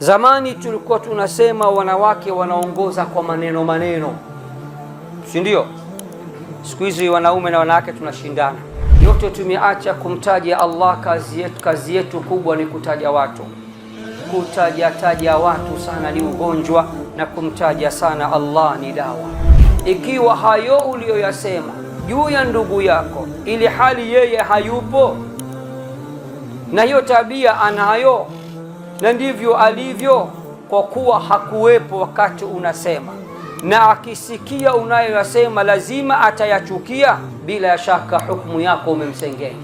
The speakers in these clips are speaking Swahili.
Zamani tulikuwa tunasema wanawake wanaongoza kwa maneno maneno, si ndio? Siku hizi wanaume na wanawake tunashindana. Yote tumeacha kumtaja Allah. Kazi yetu, kazi yetu kubwa ni kutaja watu, kutajataja watu sana ni ugonjwa, na kumtaja sana Allah ni dawa. Ikiwa hayo uliyoyasema juu ya ndugu yako, ili hali yeye hayupo, na hiyo tabia anayo na ndivyo alivyo, kwa kuwa hakuwepo wakati unasema, na akisikia unayoyasema lazima atayachukia. Bila ya shaka hukumu yako umemsengenya.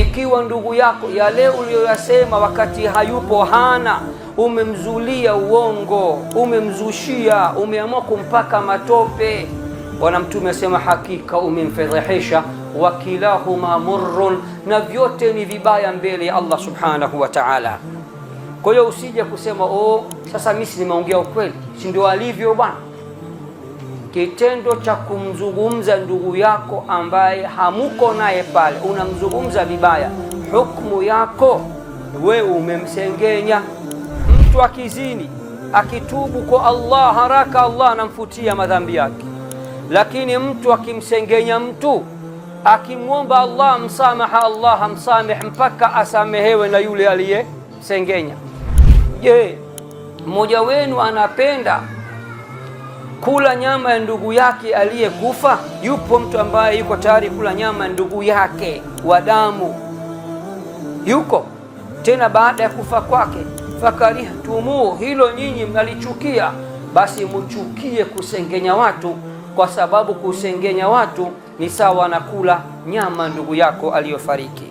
Ikiwa ndugu yako yale uliyoyasema wakati hayupo hana, umemzulia uongo, umemzushia, umeamua kumpaka matope. Bwana Mtume asema, hakika umemfedhehesha, wa kilahuma murrun, na vyote ni vibaya mbele ya Allah subhanahu wa ta'ala. Kwa hiyo usije kusema oh, sasa mimi si nimeongea ukweli, si ndio alivyo bwana. Kitendo cha kumzungumza ndugu yako ambaye hamuko naye pale, unamzungumza vibaya, hukumu yako we umemsengenya. Mtu akizini akitubu kwa Allah haraka, Allah anamfutia madhambi yake, lakini mtu akimsengenya mtu akimwomba Allah msamaha, Allah hamsamehe mpaka asamehewe na yule aliyesengenya Je, mmoja wenu anapenda kula nyama ya ndugu yake aliyekufa? Yupo mtu ambaye yuko tayari kula nyama ya ndugu yake wa damu, yuko tena baada ya kufa kwake? Fakarihtumu, hilo nyinyi mnalichukia, basi mchukie kusengenya watu, kwa sababu kusengenya watu ni sawa na kula nyama ndugu yako aliyofariki.